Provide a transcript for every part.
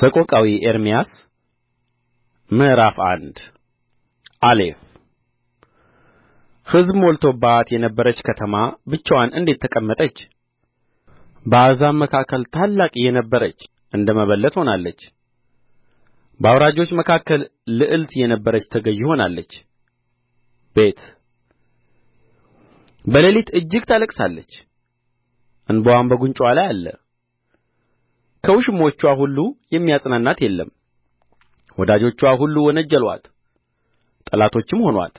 ሰቆቃዊ ኤርምያስ ምዕራፍ አንድ አሌፍ ሕዝብ ሞልቶባት የነበረች ከተማ ብቻዋን እንዴት ተቀመጠች? በአሕዛብ መካከል ታላቅ የነበረች እንደ መበለት ሆናለች። በአውራጆች መካከል ልዕልት የነበረች ተገዢ ሆናለች። ቤት በሌሊት እጅግ ታለቅሳለች፣ እንባዋም በጕንጭዋ ላይ አለ። ከውሽሞችዋ ሁሉ የሚያጽናናት የለም ወዳጆችዋ ሁሉ ወነጀሉአት ጠላቶችም ሆኑአት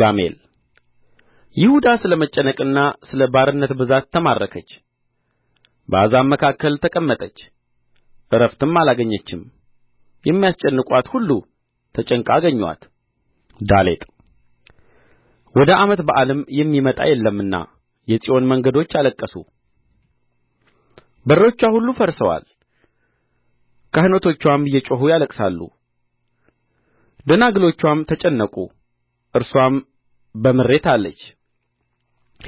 ጋሜል ይሁዳ ስለ መጨነቅና ስለ ባርነት ብዛት ተማረከች በአሕዛብ መካከል ተቀመጠች ዕረፍትም አላገኘችም የሚያስጨንቁአት ሁሉ ተጨንቃ አገኙአት ዳሌጥ ወደ ዓመት በዓልም የሚመጣ የለምና የጽዮን መንገዶች አለቀሱ በሮችዋ ሁሉ ፈርሰዋል ካህናቶችዋም እየጮኹ ያለቅሳሉ ደናግሎችዋም ተጨነቁ እርስዋም በምሬት አለች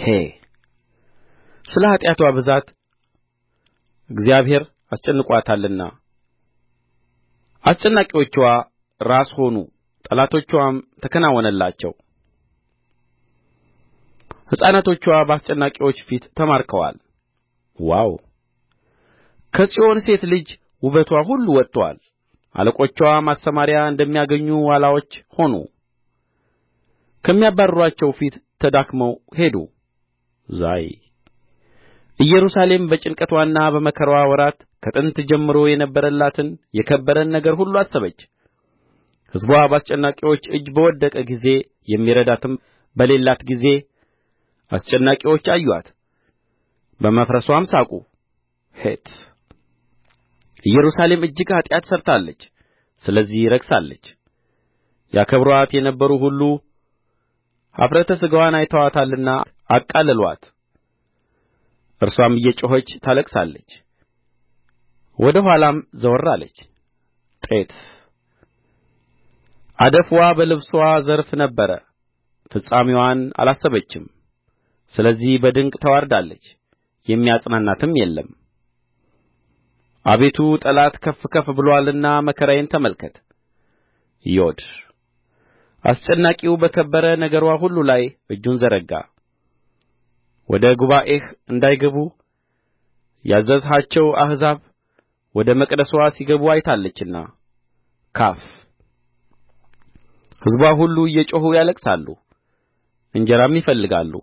ሄ ስለ ኃጢአትዋ ብዛት እግዚአብሔር አስጨንቆአታልና አስጨናቂዎችዋ ራስ ሆኑ ጠላቶችዋም ተከናወነላቸው ሕፃናቶችዋ በአስጨናቂዎች ፊት ተማርከዋል ዋው ከጽዮን ሴት ልጅ ውበትዋ ሁሉ ወጥቶአል አለቆችዋ ማሰማርያ እንደሚያገኙ ዋላዎች ሆኑ ከሚያባርሩአቸው ፊት ተዳክመው ሄዱ ዛይ ኢየሩሳሌም በጭንቀትዋና በመከራዋ ወራት ከጥንት ጀምሮ የነበረላትን የከበረን ነገር ሁሉ አሰበች ሕዝብዋ በአስጨናቂዎች እጅ በወደቀ ጊዜ የሚረዳትም በሌላት ጊዜ አስጨናቂዎች አዩአት በመፍረስዋም ሳቁ ሔት ኢየሩሳሌም እጅግ ኃጢአት ሠርታለች ስለዚህ ረክሳለች ያከብሩአት የነበሩ ሁሉ ኀፍረተ ሥጋዋን አይተዋታልና አቃለሉአት እርስዋም እየጮኸች ታለቅሳለች ወደ ኋላም ዘወር አለች ጤት አደፍዋ በልብስዋ ዘርፍ ነበረ ፍጻሜዋን አላሰበችም ስለዚህ በድንቅ ተዋርዳለች የሚያጽናናትም የለም አቤቱ ጠላት ከፍ ከፍ ብሎአልና መከራዬን ተመልከት ዮድ አስጨናቂው በከበረ ነገርዋ ሁሉ ላይ እጁን ዘረጋ ወደ ጉባኤህ እንዳይገቡ ያዘዝሃቸው አሕዛብ ወደ መቅደስዋ ሲገቡ አይታለችና ካፍ ሕዝቧ ሁሉ እየጮኹ ያለቅሳሉ እንጀራም ይፈልጋሉ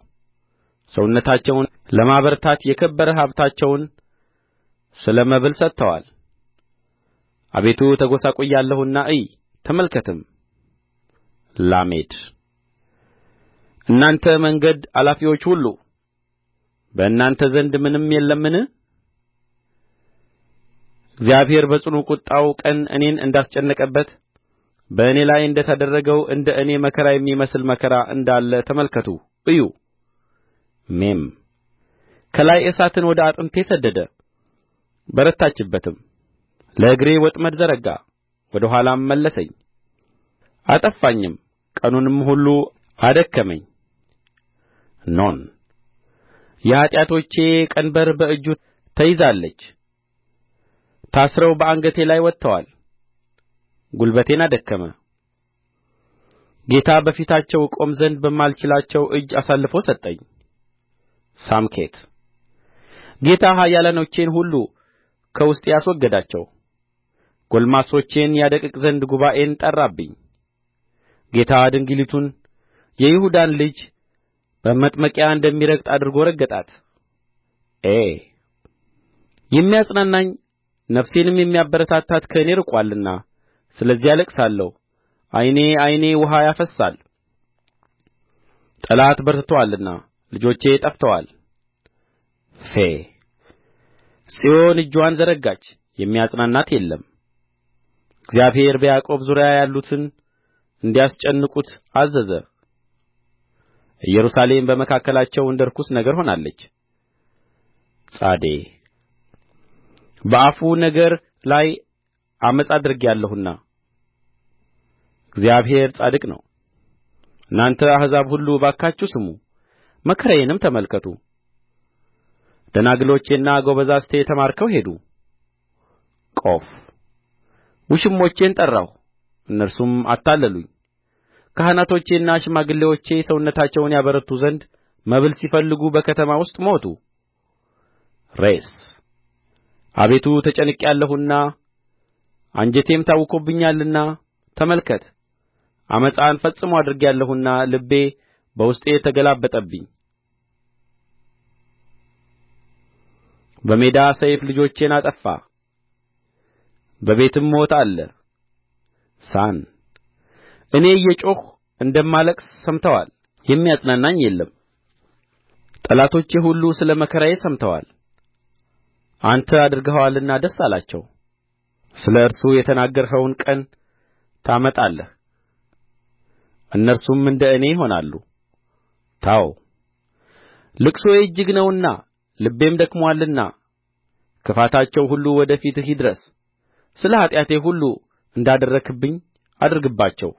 ሰውነታቸውን ለማበርታት የከበረ ሀብታቸውን ስለ መብል ሰጥተዋል አቤቱ ተጐሳቍያለሁና እይ ተመልከትም ላሜድ እናንተ መንገድ አላፊዎች ሁሉ በእናንተ ዘንድ ምንም የለምን እግዚአብሔር በጽኑ ቍጣው ቀን እኔን እንዳስጨነቀበት በእኔ ላይ እንደ ተደረገው እንደ እኔ መከራ የሚመስል መከራ እንዳለ ተመልከቱ እዩ ሜም ከላይ እሳትን ወደ አጥንቴ ሰደደ በረታችበትም ለእግሬ ወጥመድ ዘረጋ ወደ ኋላም መለሰኝ አጠፋኝም ቀኑንም ሁሉ አደከመኝ ኖን የኃጢአቶቼ ቀንበር በእጁ ተይዛለች ታስረው በአንገቴ ላይ ወጥተዋል ጕልበቴን አደከመ ጌታ በፊታቸው እቆም ዘንድ በማልችላቸው እጅ አሳልፎ ሰጠኝ ሳምኬት ጌታ ኃያላኖቼን ሁሉ ከውስጤ አስወገዳቸው ጕልማሶቼን ያደቅቅ ዘንድ ጉባኤን ጠራብኝ ጌታ ድንግሊቱን የይሁዳን ልጅ በመጥመቂያ እንደሚረግጥ አድርጎ ረገጣት ዔ የሚያጽናናኝ ነፍሴንም የሚያበረታታት ከእኔ ርቆአልና ስለዚህ አለቅሳለሁ ዓይኔ ዓይኔ ውኃ ያፈስሳል ጠላት በርትቶአልና ልጆቼ ጠፍተዋል ፌ ጽዮን እጅዋን ዘረጋች የሚያጽናናት የለም እግዚአብሔር በያዕቆብ ዙሪያ ያሉትን እንዲያስጨንቁት አዘዘ ኢየሩሳሌም በመካከላቸው እንደ ርኩስ ነገር ሆናለች ጻዴ በአፉ ነገር ላይ ዓመፅ አድርጌአለሁና እግዚአብሔር ጻድቅ ነው እናንተ አሕዛብ ሁሉ እባካችሁ ስሙ መከራዬንም ተመልከቱ ደናግሎቼና ጐበዛዝቴ ተማርከው ሄዱ ቆፍ ውሽሞቼን ጠራሁ እነርሱም አታለሉኝ ካህናቶቼና ሽማግሌዎቼ ሰውነታቸውን ያበረቱ ዘንድ መብል ሲፈልጉ በከተማ ውስጥ ሞቱ ሬስ አቤቱ ተጨንቄአለሁና አንጀቴም ታውኮብኛልና ተመልከት ዓመፃን ፈጽሞ አድርጌአለሁና ልቤ በውስጤ ተገላበጠብኝ በሜዳ ሰይፍ ልጆቼን አጠፋ በቤትም ሞት አለ ሳን እኔ እየጮኽሁ እንደማለቅስ ሰምተዋል የሚያጽናናኝ የለም ጠላቶቼ ሁሉ ስለ መከራዬ ሰምተዋል አንተ አድርገኸዋልና ደስ አላቸው ስለ እርሱ የተናገርኸውን ቀን ታመጣለህ እነርሱም እንደ እኔ ይሆናሉ ታው ልቅሶዬ እጅግ ነውና ልቤም ደክሞአልና ክፋታቸው ሁሉ ወደ ፊትህ ይድረስ ስለ ኃጢአቴ ሁሉ እንዳደረግህብኝ አድርግባቸው